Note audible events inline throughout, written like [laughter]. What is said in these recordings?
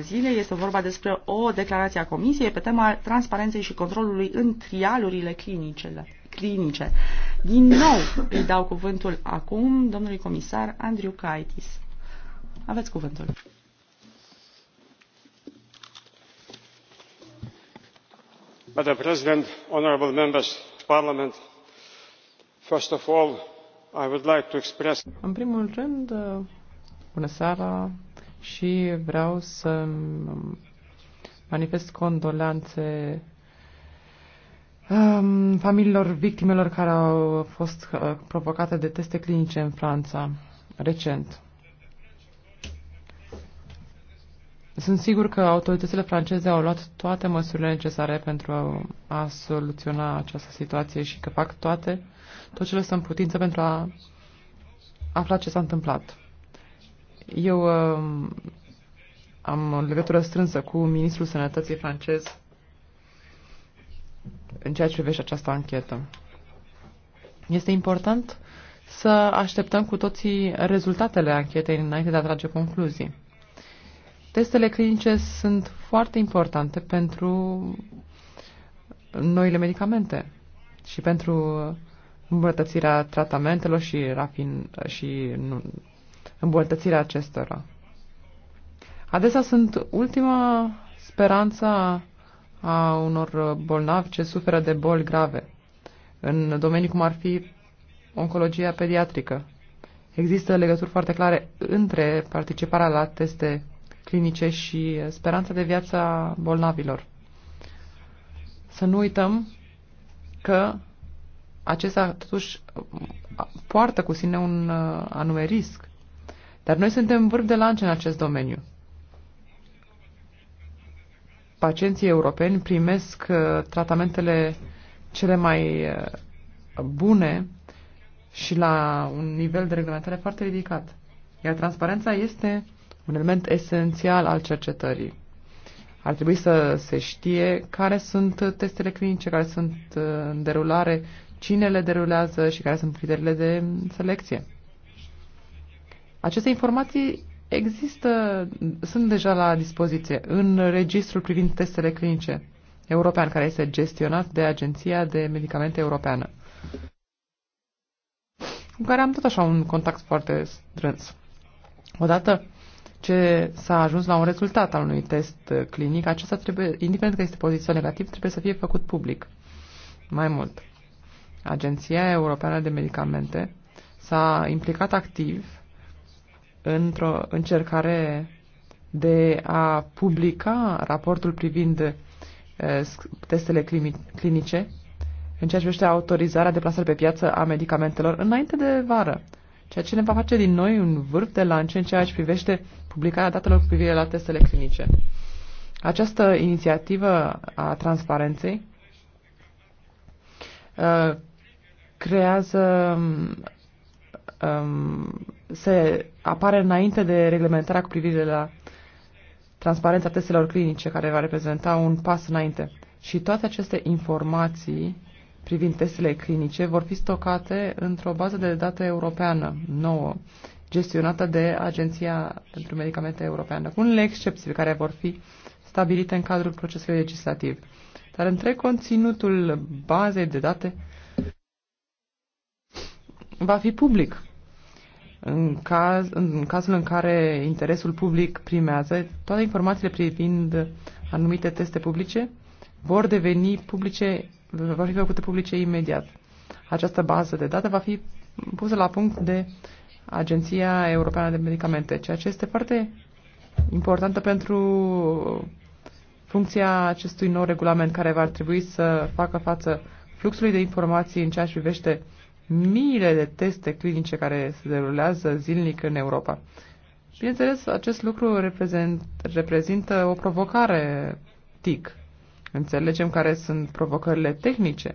zilei este vorba despre o declarație a Comisiei pe tema transparenței și controlului în trialurile clinicele, clinice. Din nou îi dau cuvântul acum domnului comisar Andriu Caitis. Aveți cuvântul. Madam President, honorable members of Parliament, first of all, I would like to express... În primul rând, bună seara, și vreau să manifest condolanțe um, familiilor victimelor care au fost uh, provocate de teste clinice în Franța recent. Sunt sigur că autoritățile franceze au luat toate măsurile necesare pentru a soluționa această situație și că fac toate, tot ce le sunt putință pentru a afla ce s-a întâmplat. Eu uh, am o legătură strânsă cu Ministrul Sănătății francez în ceea ce privește această anchetă. Este important să așteptăm cu toții rezultatele anchetei înainte de a trage concluzii. Testele clinice sunt foarte importante pentru noile medicamente și pentru îmbunătățirea tratamentelor și, rafin, și nu, îmbolătățirea acestora. Adesea sunt ultima speranță a unor bolnavi ce suferă de boli grave, în domenii cum ar fi oncologia pediatrică. Există legături foarte clare între participarea la teste clinice și speranța de viață a bolnavilor. Să nu uităm că acesta totuși poartă cu sine un uh, anume risc. Dar noi suntem vârf de lance în acest domeniu. Pacienții europeni primesc uh, tratamentele cele mai uh, bune și la un nivel de reglementare foarte ridicat. Iar transparența este un element esențial al cercetării. Ar trebui să se știe care sunt testele clinice, care sunt uh, în derulare, cine le derulează și care sunt criteriile de selecție. Aceste informații există, sunt deja la dispoziție în registrul privind testele clinice european, care este gestionat de Agenția de Medicamente Europeană, cu care am tot așa un contact foarte strâns. Odată ce s-a ajuns la un rezultat al unui test clinic, acesta trebuie, indiferent că este pozitiv sau negativ, trebuie să fie făcut public. Mai mult, Agenția Europeană de Medicamente s-a implicat activ într-o încercare de a publica raportul privind eh, testele clinice în ceea ce privește autorizarea de plasare pe piață a medicamentelor înainte de vară, ceea ce ne va face din noi un vârf de lance în ceea ce privește publicarea datelor cu privire la testele clinice. Această inițiativă a transparenței eh, creează um, se apare înainte de reglementarea cu privire la transparența testelor clinice, care va reprezenta un pas înainte. Și toate aceste informații privind testele clinice vor fi stocate într-o bază de date europeană nouă, gestionată de Agenția pentru Medicamente Europeană, cu unele excepții care vor fi stabilite în cadrul procesului legislativ. Dar între conținutul bazei de date va fi public în, caz, în cazul în care interesul public primează, toate informațiile privind anumite teste publice vor deveni publice, vor fi făcute publice imediat. Această bază de date va fi pusă la punct de Agenția Europeană de Medicamente, ceea ce este foarte importantă pentru funcția acestui nou regulament care va trebui să facă față fluxului de informații în ceea ce privește miile de teste clinice care se derulează zilnic în Europa. Bineînțeles, acest lucru reprezent, reprezintă o provocare TIC. Înțelegem care sunt provocările tehnice.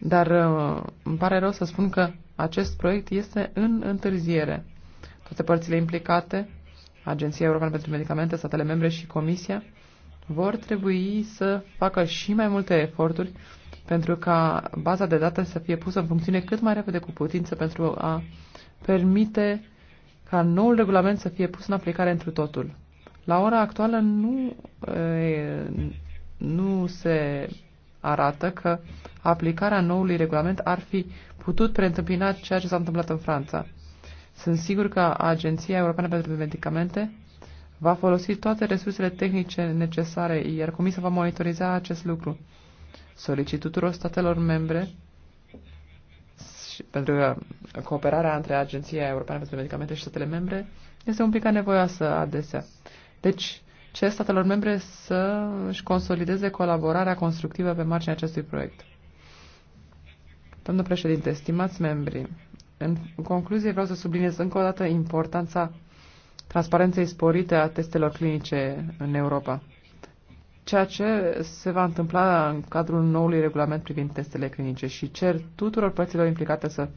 Dar uh, îmi pare rău să spun că acest proiect este în întârziere. Toate părțile implicate, Agenția Europeană pentru Medicamente, statele membre și Comisia, vor trebui să facă și mai multe eforturi pentru ca baza de date să fie pusă în funcțiune cât mai repede cu putință pentru a permite ca noul regulament să fie pus în aplicare întru totul. La ora actuală nu, nu se arată că aplicarea noului regulament ar fi putut preîntâmpina ceea ce s-a întâmplat în Franța. Sunt sigur că Agenția Europeană pentru Medicamente va folosi toate resursele tehnice necesare, iar Comisia va monitoriza acest lucru. Solicit tuturor statelor membre și pentru că cooperarea între Agenția Europeană pentru Medicamente și statele membre este un pic anevoioasă adesea. Deci, ce statelor membre să își consolideze colaborarea constructivă pe marginea acestui proiect. Domnul președinte, stimați membri, în concluzie vreau să subliniez încă o dată importanța transparenței sporite a testelor clinice în Europa ceea ce se va întâmpla în cadrul noului regulament privind testele clinice și cer tuturor părților implicate să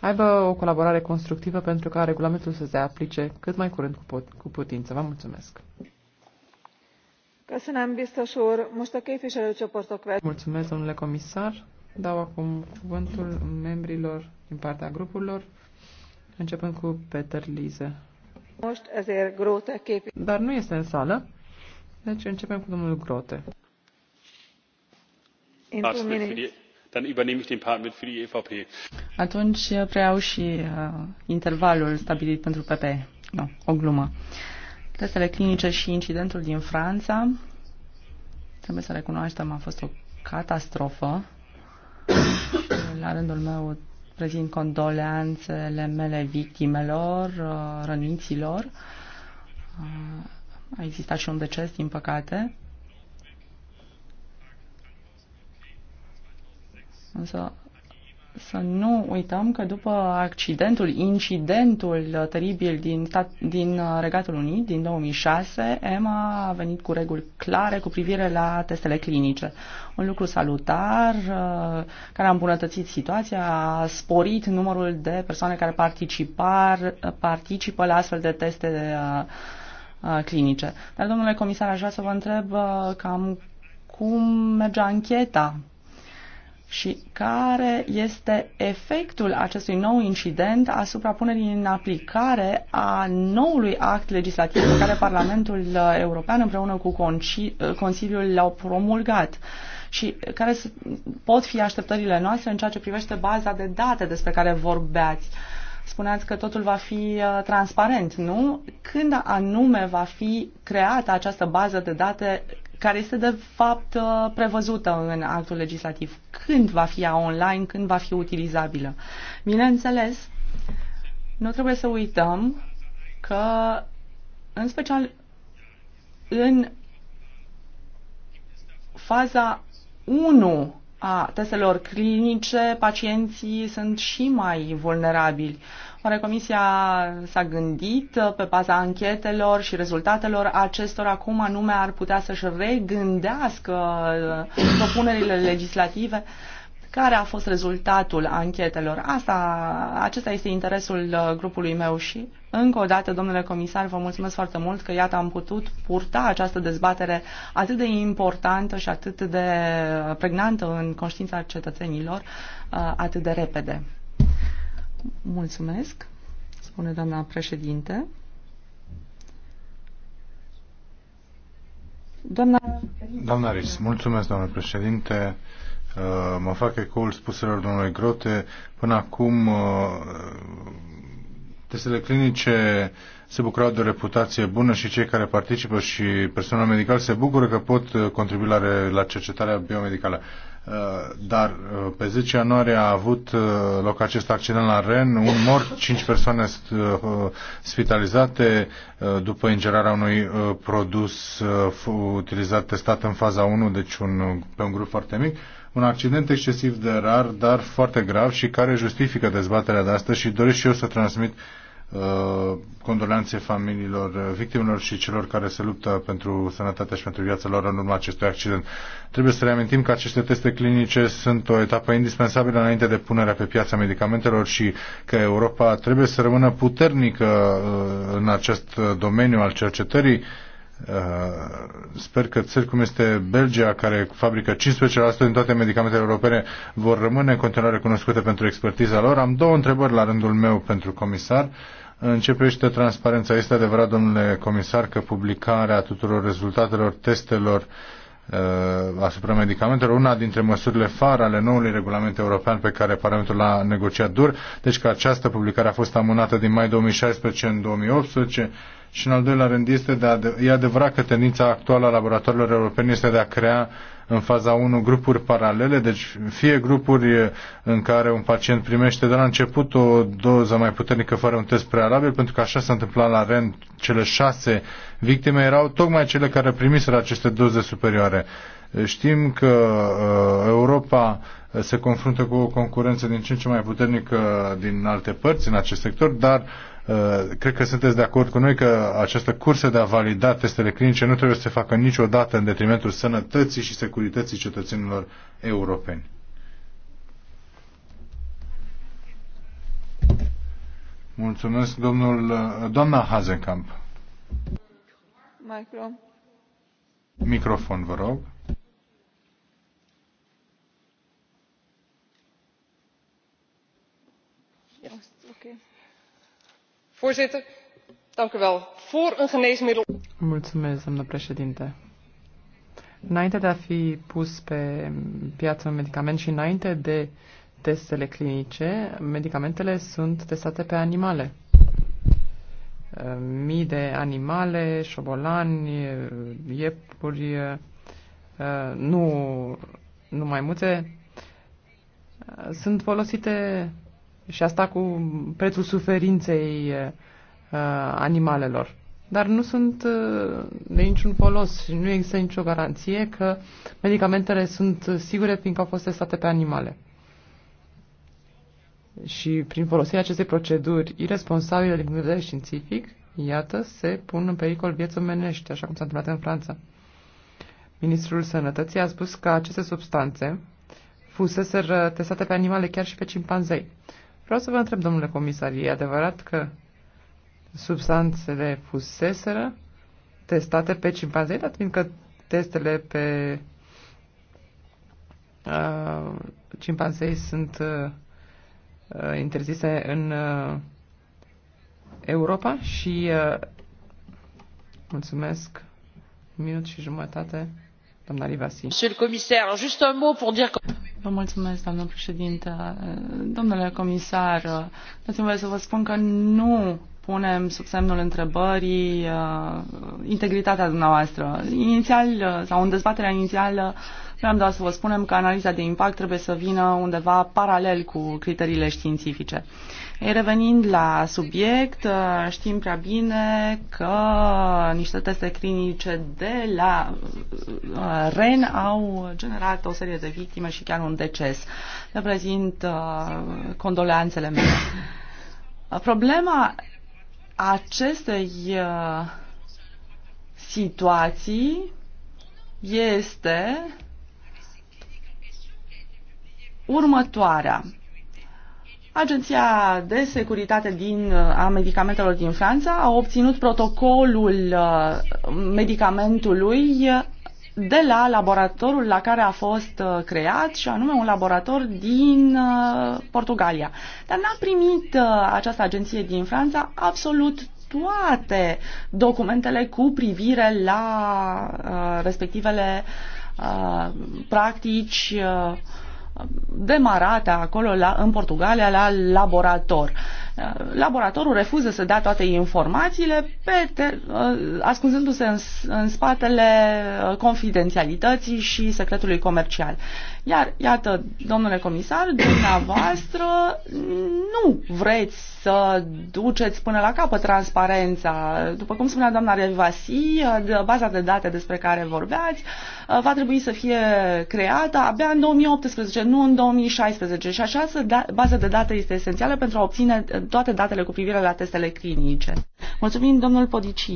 aibă o colaborare constructivă pentru ca regulamentul să se aplice cât mai curând cu, pot, cu putință. Vă mulțumesc! Mulțumesc, domnule comisar. Dau acum cuvântul membrilor din partea grupurilor, începând cu Peter Lize. Dar nu este în sală. Deci începem cu domnul Grote. Atunci vreau eh, și uh, intervalul stabilit pentru PP. Nu, da, o glumă. Testele clinice și incidentul din Franța, trebuie să recunoaștem, a fost o catastrofă. [coughs] La rândul meu prezint condoleanțele mele victimelor, eh, răniților. A existat și un deces, din păcate. Însă să nu uităm că după accidentul, incidentul teribil din, stat, din uh, Regatul Unit din 2006, EMA a venit cu reguli clare cu privire la testele clinice. Un lucru salutar uh, care a îmbunătățit situația, a sporit numărul de persoane care participar, uh, participă la astfel de teste Uh, clinice. Dar, domnule comisar, aș vrea să vă întreb uh, cam cum merge ancheta și care este efectul acestui nou incident asupra punerii în aplicare a noului act legislativ pe care Parlamentul uh, European împreună cu Consiliul l-au promulgat și care pot fi așteptările noastre în ceea ce privește baza de date despre care vorbeați. Uh, Spuneați că totul va fi uh, transparent, nu? Când anume va fi creată această bază de date care este de fapt uh, prevăzută în actul legislativ? Când va fi ea online, când va fi utilizabilă? Bineînțeles, nu trebuie să uităm că, în special în faza 1 a testelor clinice, pacienții sunt și mai vulnerabili. Oare Comisia s-a gândit uh, pe baza anchetelor și rezultatelor acestor acum anume ar putea să-și regândească uh, propunerile legislative? care a fost rezultatul anchetelor. Asta, acesta este interesul uh, grupului meu și încă o dată, domnule comisar, vă mulțumesc foarte mult că iată am putut purta această dezbatere atât de importantă și atât de pregnantă în conștiința cetățenilor uh, atât de repede. Mulțumesc, spune doamna președinte. Doamna, doamna Ris, mulțumesc, doamna președinte. Uh, mă fac ecoul spuselor domnului Grote. Până acum, uh, testele clinice se bucurau de o reputație bună și cei care participă și personal medical se bucură că pot uh, contribui la, la cercetarea biomedicală. Dar pe 10 ianuarie a avut loc acest accident la Ren, un mort, 5 persoane spitalizate după ingerarea unui produs utilizat testat în faza 1, deci un, pe un grup foarte mic un accident excesiv de rar, dar foarte grav și care justifică dezbaterea de astăzi și doresc și eu să transmit uh, condoleanțe familiilor uh, victimelor și celor care se luptă pentru sănătatea și pentru viața lor în urma acestui accident. Trebuie să reamintim că aceste teste clinice sunt o etapă indispensabilă înainte de punerea pe piața medicamentelor și că Europa trebuie să rămână puternică uh, în acest domeniu al cercetării uh, Uh, sper că țări cum este Belgia, care fabrică 15% din toate medicamentele europene, vor rămâne în continuare cunoscute pentru expertiza lor. Am două întrebări la rândul meu pentru comisar. Începește transparența. Este adevărat, domnule comisar, că publicarea tuturor rezultatelor testelor uh, asupra medicamentelor, una dintre măsurile far ale noului regulament european pe care Parlamentul l-a negociat dur, deci că această publicare a fost amânată din mai 2016 în 2018 și în al doilea rând este de a, e adevărat că tendința actuală a laboratorilor europene este de a crea în faza 1 grupuri paralele, deci fie grupuri în care un pacient primește de la început o doză mai puternică fără un test prealabil, pentru că așa s-a întâmplat la rând cele șase victime erau tocmai cele care primiseră aceste doze superioare. Știm că uh, Europa se confruntă cu o concurență din ce în ce mai puternică din alte părți în acest sector, dar uh, cred că sunteți de acord cu noi că această cursă de a valida testele clinice nu trebuie să se facă niciodată în detrimentul sănătății și securității cetățenilor europeni. Mulțumesc, domnul, uh, doamna Hazenkamp. Micro. Microfon, vă rog. Voorzitter, Voor een geneesmiddel. Mulțumesc, Înainte de a fi pus pe piață un medicament și înainte de testele clinice, medicamentele sunt testate pe animale. Mii de animale, șobolani, iepuri, nu, nu maimuțe, sunt folosite și asta cu prețul suferinței uh, animalelor. Dar nu sunt uh, de niciun folos și nu există nicio garanție că medicamentele sunt sigure fiindcă au fost testate pe animale. Și prin folosirea acestei proceduri irresponsabile din punct de vedere științific, iată, se pun în pericol vieți omenești, așa cum s-a întâmplat în Franța. Ministrul Sănătății a spus că aceste substanțe fusese testate pe animale, chiar și pe cimpanzei. Vreau să vă întreb, domnule comisar, e adevărat că substanțele fuseseră testate pe cimpanzei, dat fiindcă testele pe uh, cimpanzei sunt uh, interzise în uh, Europa și uh, mulțumesc minut și jumătate doamna Rivasi. Monsieur le commissaire, juste un mot pour dire que Vă mulțumesc, doamnă președinte. Domnule comisar, dați-mi voie să vă spun că nu punem sub semnul întrebării uh, integritatea dumneavoastră. Inițial, uh, sau în dezbaterea inițială, uh, Vreau doar să vă spunem că analiza de impact trebuie să vină undeva paralel cu criteriile științifice. Ei, revenind la subiect, uh, știm prea bine că niște teste clinice de la uh, REN au generat o serie de victime și chiar un deces. Le prezint uh, condoleanțele mele. Problema acestei situații este următoarea. Agenția de Securitate din, a Medicamentelor din Franța a obținut protocolul uh, medicamentului de la laboratorul la care a fost uh, creat și anume un laborator din uh, Portugalia. Dar n-a primit această agenție din Franța absolut toate documentele cu privire la respectivele practici demarate acolo la, în Portugalia la laborator. Uh, Eh, laboratorul refuză să dea toate informațiile, pe eh, ascunzându-se în, în spatele eh, confidențialității și secretului comercial. Iar, iată, domnule comisar, dumneavoastră nu vreți să duceți până la capăt transparența. După cum spunea doamna Revasi, baza de date despre care vorbeați va trebui să fie creată abia în 2018, nu în 2016. Și așa, da, baza bază de date este esențială pentru a obține toate datele cu privire la testele clinice. Mulțumim, domnul Podici.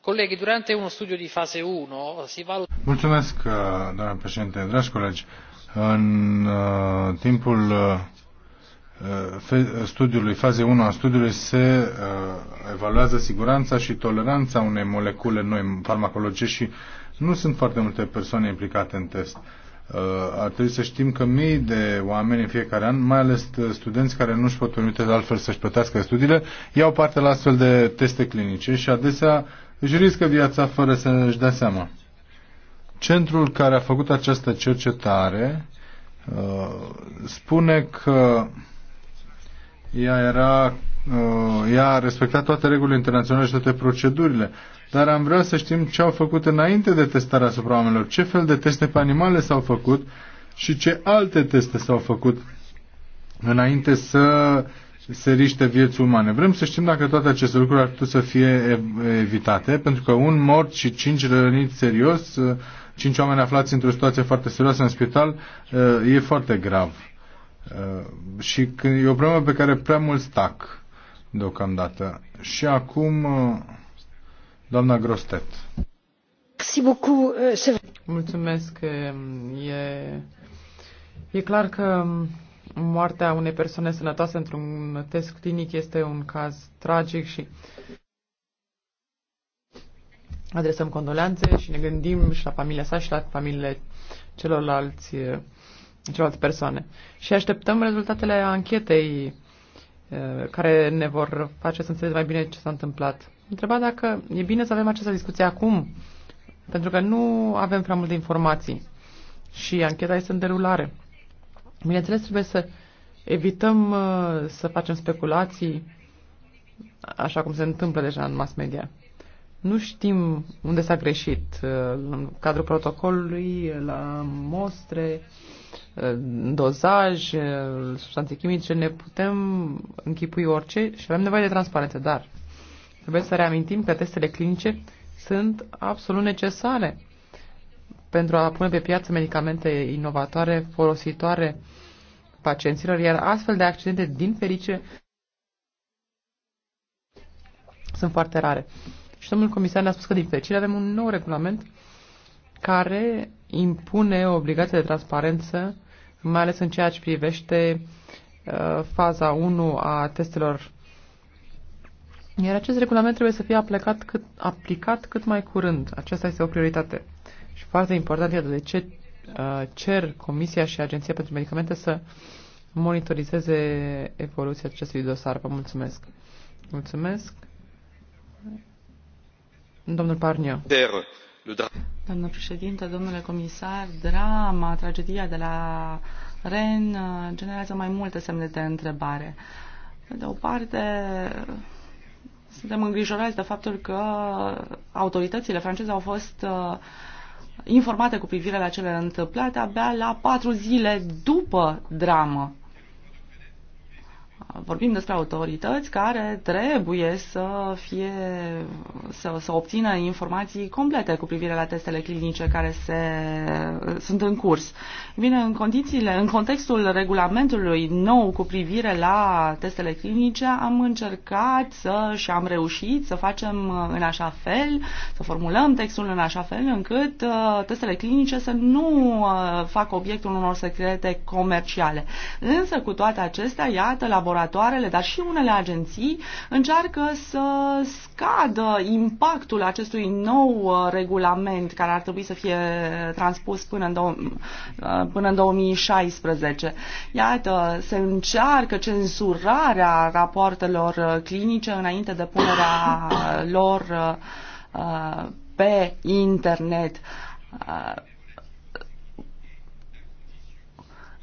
Colegi, durante un studiu de fase 1 si Mulțumesc, uh, doamnă președinte, dragi colegi. În uh, timpul uh, studiului, faze 1 a studiului, se uh, evaluează siguranța și toleranța unei molecule noi farmacologice și nu sunt foarte multe persoane implicate în test. Uh, ar trebui să știm că mii de oameni în fiecare an, mai ales uh, studenți care nu își pot permite altfel să-și plătească studiile, iau parte la astfel de teste clinice și adesea își riscă viața fără să își dea seama. Centrul care a făcut această cercetare uh, spune că ea era Uh, ea a respectat toate regulile internaționale și toate procedurile. Dar am vrea să știm ce au făcut înainte de testarea asupra oamenilor, ce fel de teste pe animale s-au făcut și ce alte teste s-au făcut înainte să se riște vieți umane. Vrem să știm dacă toate aceste lucruri ar putea să fie evitate, pentru că un mort și cinci răniți serios, uh, cinci oameni aflați într-o situație foarte serioasă în spital, uh, e foarte grav. Și e o problemă pe care prea mult stac deocamdată. Și acum, uh, doamna Grostet. Uh, Mulțumesc. Um, e, e clar că um, moartea unei persoane sănătoase într-un test clinic este un caz tragic și adresăm condoleanțe și ne gândim și la familia sa și la familiile celorlalți, uh, celorlalți persoane. Și așteptăm rezultatele anchetei Eh, care ne vor face să înțelegem mai bine ce s-a întâmplat. Întreba dacă e bine să avem această discuție acum, pentru că nu avem prea multe informații și ancheta este în derulare. Bineînțeles, trebuie să evităm eh, să facem speculații, așa cum se întâmplă deja în mass media. Nu știm unde s-a greșit, eh, în cadrul protocolului, la mostre, Eh, dozaj, eh, substanțe chimice, ne putem închipui orice și avem nevoie de transparență, dar trebuie să reamintim că testele clinice sunt absolut necesare pentru a pune pe piață medicamente inovatoare, folositoare pacienților, iar astfel de accidente, din ferice, sunt foarte rare. Și domnul comisar ne-a spus că, din fericire, avem un nou regulament care impune o obligație de transparență, mai ales în ceea ce privește uh, faza 1 a testelor. Iar acest regulament trebuie să fie aplicat cât, aplicat cât mai curând. Aceasta este o prioritate. Și foarte important este de ce uh, cer Comisia și Agenția pentru Medicamente să monitorizeze evoluția acestui dosar. Vă mulțumesc. Mulțumesc. Domnul Parnia. Doamnă președinte, domnule comisar, drama, tragedia de la Ren uh, generează mai multe semne de întrebare. Pe de o parte, suntem îngrijorați de faptul că autoritățile franceze au fost uh, informate cu privire la cele întâmplate abia la patru zile după dramă vorbim despre autorități care trebuie să fie să, să obțină informații complete cu privire la testele clinice care se, sunt în curs. Bine, în condițiile, în contextul regulamentului nou cu privire la testele clinice, am încercat să și am reușit să facem în așa fel, să formulăm textul în așa fel încât uh, testele clinice să nu uh, facă obiectul unor secrete comerciale. Însă, cu toate acestea, iată, laboratorul laboratoarele, dar și unele agenții încearcă să scadă impactul acestui nou uh, regulament care ar trebui să fie transpus până în, uh, până în 2016. Iată, se încearcă cenzurarea rapoartelor uh, clinice înainte de punerea lor pe internet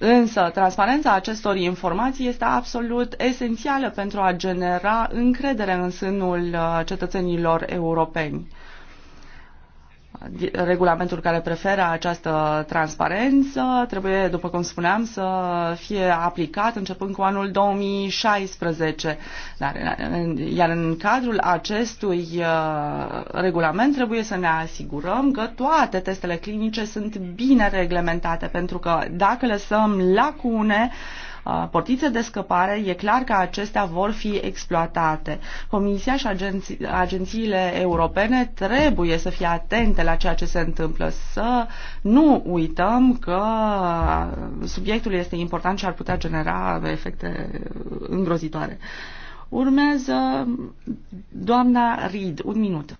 Însă, transparența acestor informații este absolut esențială pentru a genera încredere în sânul uh, cetățenilor europeni regulamentul care preferă această transparență trebuie, după cum spuneam, să fie aplicat începând cu anul 2016. Dar, iar în cadrul acestui uh, regulament trebuie să ne asigurăm că toate testele clinice sunt bine reglementate, pentru că dacă lăsăm lacune, portițe de scăpare, e clar că acestea vor fi exploatate. Comisia și agenții, agențiile europene trebuie să fie atente la ceea ce se întâmplă, să nu uităm că subiectul este important și ar putea genera efecte îngrozitoare. Urmează doamna Reid. Un minut.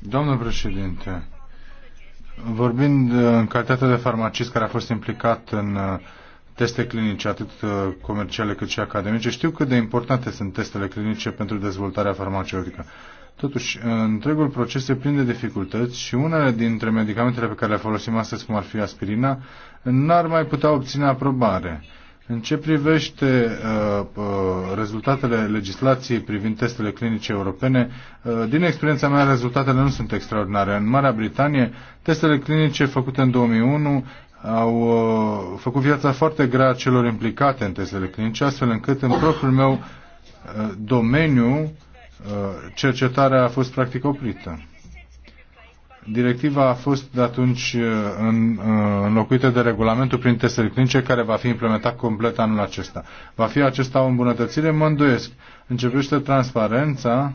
Doamnă președinte, Vorbind uh, în calitate de farmacist care a fost implicat în uh, teste clinice, atât uh, comerciale cât și academice, știu cât de importante sunt testele clinice pentru dezvoltarea farmaceutică. Totuși, întregul proces se prinde dificultăți și unele dintre medicamentele pe care le folosim astăzi, cum ar fi aspirina, n-ar mai putea obține aprobare. În ce privește uh, uh, rezultatele legislației privind testele clinice europene, uh, din experiența mea rezultatele nu sunt extraordinare. În Marea Britanie, testele clinice făcute în 2001 au uh, făcut viața foarte grea celor implicate în testele clinice, astfel încât în propriul meu uh, domeniu uh, cercetarea a fost practic oprită. Directiva a fost de atunci uh, în, uh, înlocuită de regulamentul prin testele clinice care va fi implementat complet anul acesta. Va fi acesta o îmbunătățire? Mă îndoiesc. Începește transparența.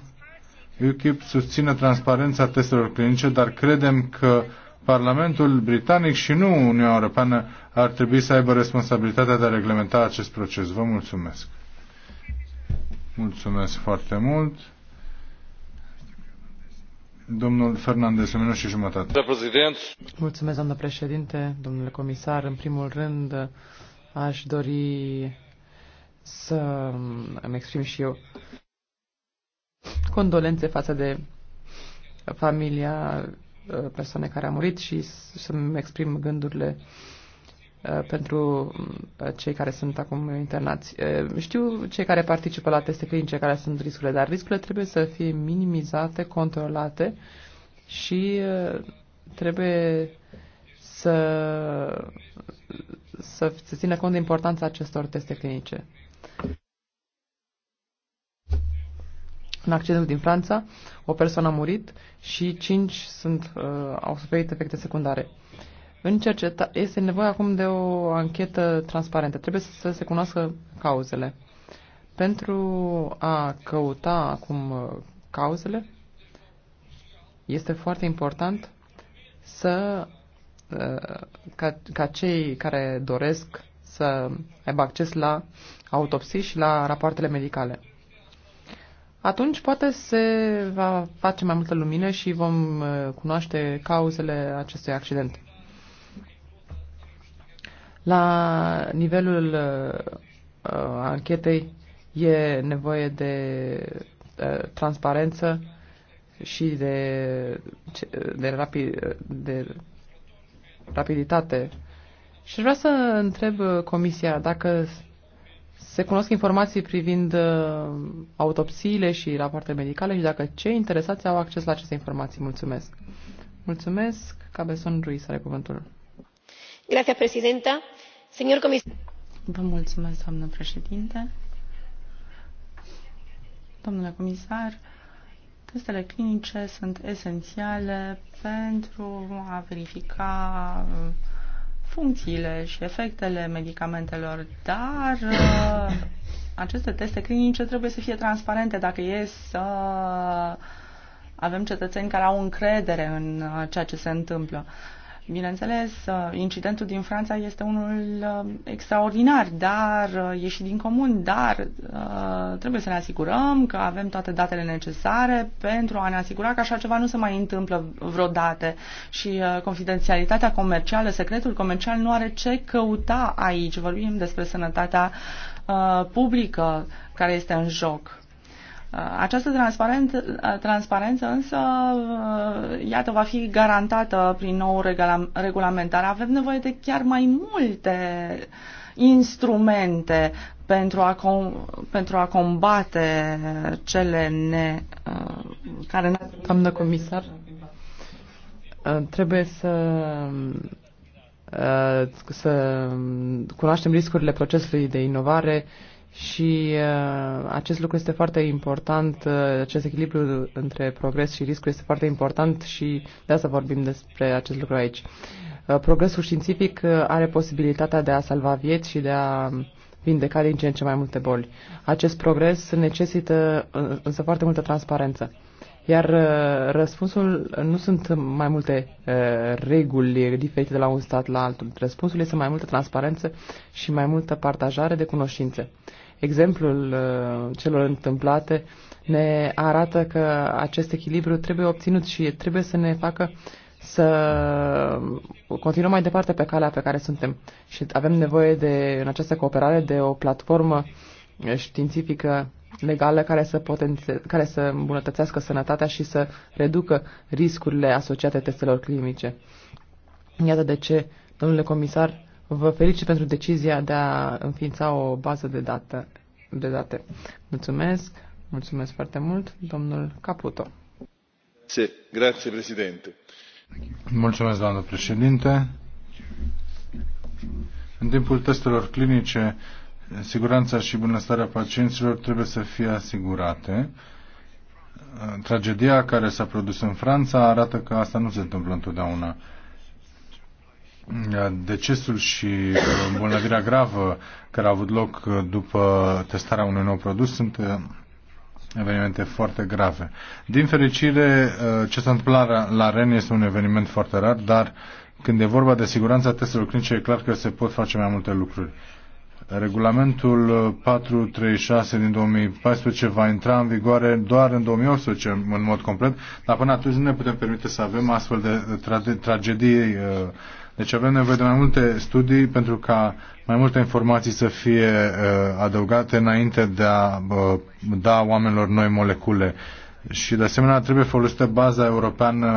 UKIP susține transparența testelor clinice, dar credem că Parlamentul Britanic și nu Uniunea Europeană ar trebui să aibă responsabilitatea de a reglementa acest proces. Vă mulțumesc. Mulțumesc foarte mult. Domnul Fernandez, un minut și jumătate. Mulțumesc, doamnă președinte, domnule comisar. În primul rând, aș dori să îmi exprim și eu condolențe față de familia persoanei care a murit și să-mi exprim gândurile Uh, pentru uh, cei care sunt acum internați. Uh, știu cei care participă la teste clinice care sunt riscurile, dar riscurile trebuie să fie minimizate, controlate și trebuie să, să se țină cont de importanța acestor teste clinice. În accidentul din Franța, o persoană a murit și cinci sunt, uh, au suferit efecte secundare. În cerceta, este nevoie acum de o anchetă transparentă. Trebuie să, se cunoască cauzele. Pentru a căuta acum uh, cauzele, este foarte important să uh, ca, ca cei care doresc să aibă acces la autopsii și la rapoartele medicale. Atunci poate se va face mai multă lumină și vom uh, cunoaște cauzele acestui accident. La nivelul uh, anchetei e nevoie de uh, transparență și de, de, rapi, de rapiditate. Și vreau să întreb uh, Comisia dacă se cunosc informații privind uh, autopsiile și rapoarte medicale și dacă cei interesați au acces la aceste informații. Mulțumesc. Mulțumesc. Cabeson Ruiz are cuvântul doamnă președinte domnule comisar testele clinice sunt esențiale pentru a verifica funcțiile și efectele medicamentelor, dar uh, aceste teste clinice trebuie să fie transparente dacă e să avem cetățeni care au încredere în uh, ceea ce se întâmplă. Bineînțeles, uh, incidentul din Franța este unul uh, extraordinar, dar ieșit uh, din comun, dar trebuie să ne asigurăm că avem toate datele necesare pentru a ne asigura că așa ceva nu se mai întâmplă vreodată și confidențialitatea comercială, secretul comercial nu are ce căuta aici. Vorbim despre sănătatea publică care este în joc. Această transparență însă, uh, iată, va fi garantată prin nou regulamentar. Avem nevoie de chiar mai multe instrumente pentru a, com- pentru a combate cele ne, uh, care ne... Doamnă comisar, uh, trebuie să să cunoaștem riscurile procesului de inovare și uh, acest lucru este foarte important, uh, acest echilibru între progres și riscul este foarte important și de asta vorbim despre acest lucru aici. Uh, progresul științific uh, are posibilitatea de a salva vieți și de a vindeca din ce în ce mai multe boli. Acest progres necesită uh, însă foarte multă transparență. Iar uh, răspunsul nu sunt mai multe uh, reguli diferite de la un stat la altul. Răspunsul este mai multă transparență și mai multă partajare de cunoștințe. Uh, exemplul uh, celor întâmplate ne arată că acest echilibru trebuie obținut și trebuie să ne facă să continuăm mai departe pe calea pe care suntem. Și avem nevoie de, în această cooperare de o platformă științifică legală care să, potențe, care să îmbunătățească sănătatea și să reducă riscurile asociate testelor clinice. Iată de ce, domnule comisar, Vă felicit pentru decizia de a înființa o bază de, dată, de date. Mulțumesc, mulțumesc foarte mult, domnul Caputo. Grazie, președinte. Mulțumesc, doamnă președinte. În timpul testelor clinice, siguranța și bunăstarea pacienților trebuie să fie asigurate. Tragedia care s-a produs în Franța arată că asta nu se întâmplă întotdeauna decesul și uh, îmbolnăvirea gravă care a avut loc uh, după testarea unui nou produs sunt uh, evenimente foarte grave. Din fericire, ce s-a întâmplat la REN este un eveniment foarte rar, dar când e vorba de siguranța testelor clinice, e clar că se pot face mai multe lucruri. Regulamentul 436 din 2014 va intra în vigoare doar în 2018 în mod complet, dar până atunci nu ne putem permite să avem astfel de tra- tragedii uh, deci avem nevoie de mai multe studii pentru ca mai multe informații să fie uh, adăugate înainte de a uh, da oamenilor noi molecule. Uh, și de asemenea trebuie folosită baza europeană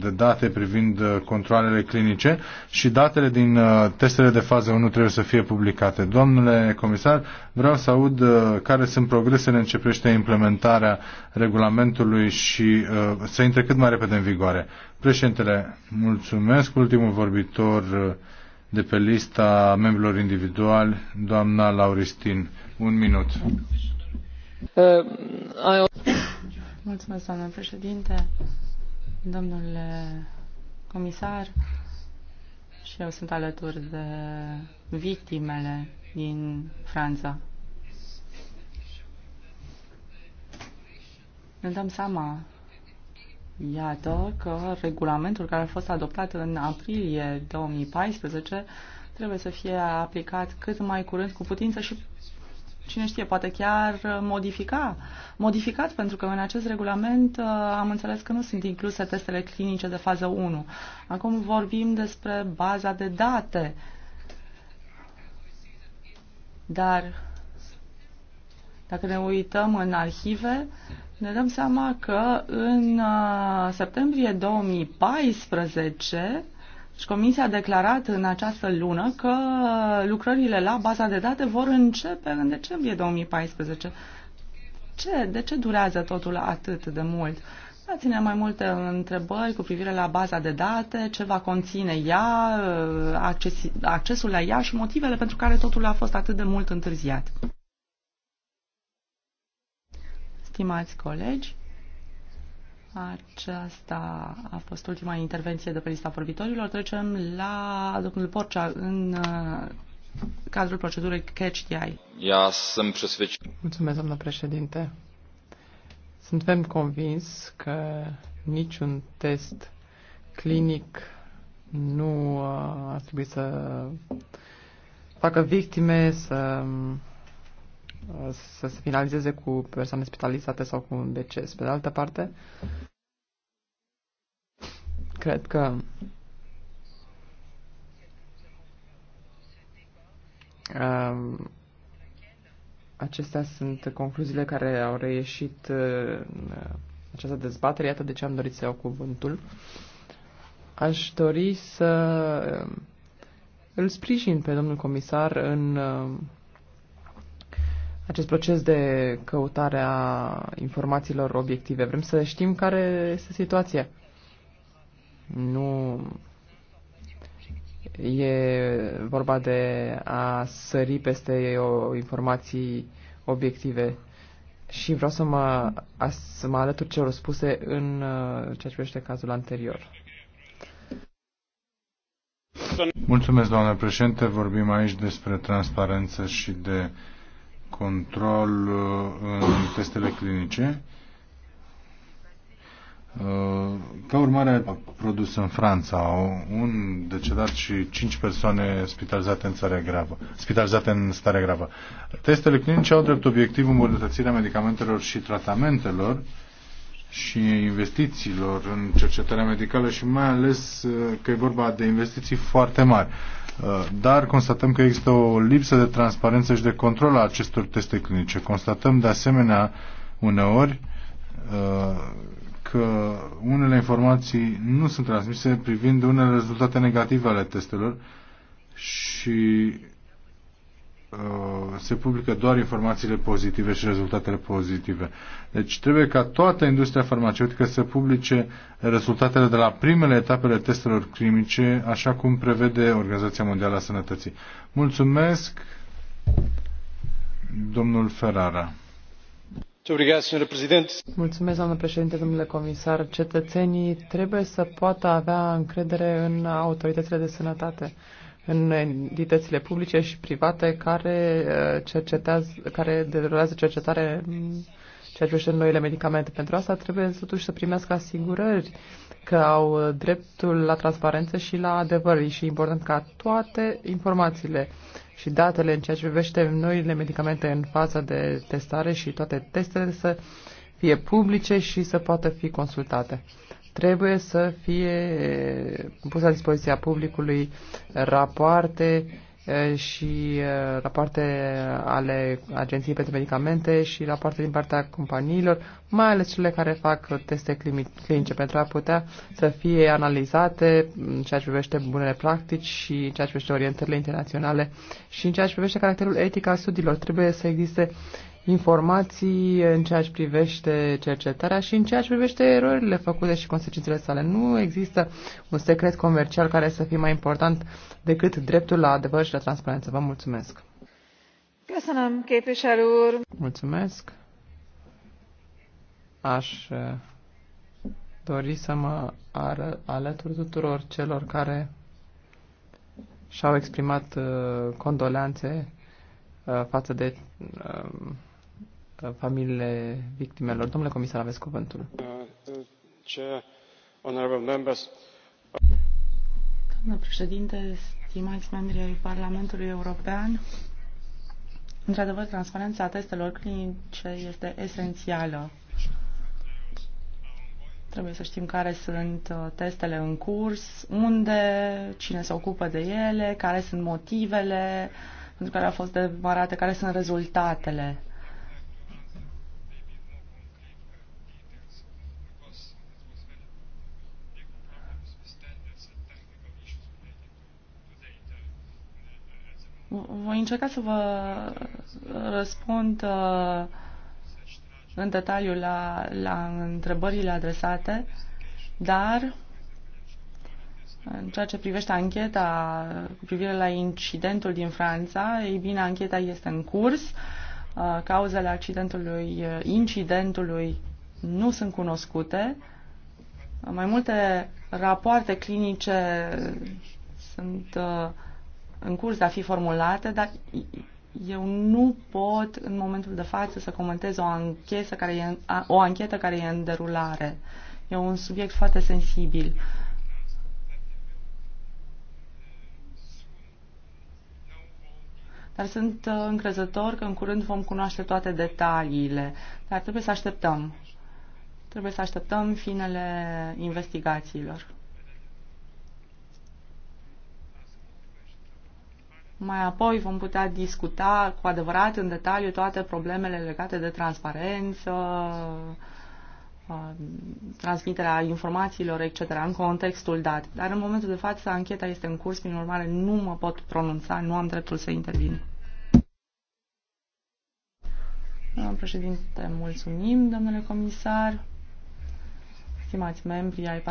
de date privind uh, controlele clinice și datele din uh, testele de fază 1 trebuie să fie publicate. Domnule comisar, vreau să aud uh, care sunt progresele în ce privește implementarea regulamentului și să intre cât mai repede în vigoare. Președintele, mulțumesc. Ultimul vorbitor de pe lista membrilor individuali, doamna Lauristin. Un minut. Uh, I... Mulțumesc, doamnă președinte, domnule comisar. Și eu sunt alături de victimele din Franța. Ne dăm seama, iată, că regulamentul care a fost adoptat în aprilie 2014 trebuie să fie aplicat cât mai curând cu putință și cine știe, poate chiar uh, modifica, modificat, pentru că în acest regulament uh, am înțeles că nu sunt incluse testele clinice de fază 1. Acum vorbim despre baza de date. Dar dacă ne uităm în arhive, ne dăm seama că în uh, septembrie 2014 și deci Comisia a declarat în această lună că lucrările la baza de date vor începe în decembrie 2014. Ce, de ce durează totul atât de mult? Dați-ne mai multe întrebări cu privire la baza de date, ce va conține ea, acces, accesul la ea și motivele pentru care totul a fost atât de mult întârziat. Stimați colegi, aceasta a fost ultima intervenție de pe lista vorbitorilor. Trecem la domnul Porcea în uh, cadrul procedurii Catch the Eye. Ia sunt presvedci. Mulțumesc, doamnă președinte. Suntem convins că niciun test clinic nu uh, ar trebui să facă victime, să să se finalizeze cu persoane spitalizate sau cu un deces. Pe de altă parte, cred că um, acestea sunt concluziile care au reieșit în această dezbatere. Iată de ce am dorit să iau cuvântul. Aș dori să um, îl sprijin pe domnul comisar în um, acest proces de căutare a informațiilor obiective. Vrem să știm care este situația. Nu e vorba de a sări peste o informații obiective. Și vreau să mă, să mă alătur celor spuse în uh, ceea ce privește cazul anterior. Mulțumesc, doamnă președinte. Vorbim aici despre transparență și de uh, control uh, în testele clinice. Uh, ca urmare a produs în Franța un decedat și cinci persoane spitalizate în, stare gravă, spitalizate în stare gravă. Testele clinice au drept obiectiv îmbunătățirea medicamentelor și tratamentelor și investițiilor în cercetarea medicală și mai ales uh, că e vorba de investiții foarte mari. Uh, dar constatăm că există o lipsă de transparență și de control a acestor teste clinice. Constatăm de asemenea uneori uh, că unele informații nu sunt transmise privind unele rezultate negative ale testelor și Uh, se publică doar informațiile pozitive și rezultatele pozitive. Deci trebuie ca toată industria farmaceutică să publice rezultatele de la primele etapele testelor clinice, așa cum prevede Organizația Mondială a Sănătății. Mulțumesc, domnul Ferrara. Mulțumesc, doamnă președinte, domnule comisar. Cetățenii trebuie să poată avea încredere în autoritățile de sănătate în entitățile publice și private care uh, cercetează, care derulează cercetare ceea ce privește noile medicamente. Pentru asta trebuie totuși să primească asigurări că au dreptul la transparență și la adevăr și e important ca toate informațiile și datele în ceea ce privește noile medicamente în faza de testare și toate testele să fie publice și să poată fi consultate. Trebuie să fie eh, pus la dispoziția publicului rapoarte eh, și eh, rapoarte ale Agenției pentru Medicamente și rapoarte din partea companiilor, mai ales cele care fac teste clinice, pentru a putea să fie analizate în ceea ce privește bunele practici și în ceea ce privește orientările internaționale și în ceea ce privește caracterul etic al studiilor. Trebuie să existe informații în ceea ce privește cercetarea și în ceea ce privește erorile făcute și consecințele sale. Nu există un secret comercial care să fie mai important decât dreptul la adevăr și la transparență. Vă mulțumesc! Mulțumesc! Aș eh, dori să mă alături tuturor celor care și-au exprimat condolențe eh, condoleanțe eh, față de uh, familiile victimelor. Domnule comisar, aveți cuvântul. Domnule președinte, stimați membri ai Parlamentului European, într-adevăr, transparența testelor clinice este esențială. Trebuie să știm care sunt uh, testele în curs, unde, cine se ocupă de ele, care sunt motivele pentru care au fost demarate, care sunt rezultatele Voi încerca să vă răspund uh, în detaliu la, la întrebările adresate, dar în ceea ce privește ancheta cu privire la incidentul din Franța, ei bine, ancheta este în curs. Uh, cauzele accidentului, uh, incidentului nu sunt cunoscute. Mai multe rapoarte clinice sunt uh, în curs de a fi formulate, dar eu nu pot în momentul de față să comentez o anchetă care e, o anchetă care e în derulare. E un subiect foarte sensibil. Dar sunt uh, încrezător că în curând vom cunoaște toate detaliile. Dar trebuie să așteptăm. Trebuie să așteptăm finele investigațiilor. Mai apoi vom putea discuta cu adevărat în detaliu toate problemele legate de transparență, uh, transmiterea informațiilor, etc., în contextul dat. Dar în momentul de față, ancheta este în curs, prin urmare nu mă pot pronunța, nu am dreptul să intervin. Doamna președinte, mulțumim, domnule comisar, stimați membri ai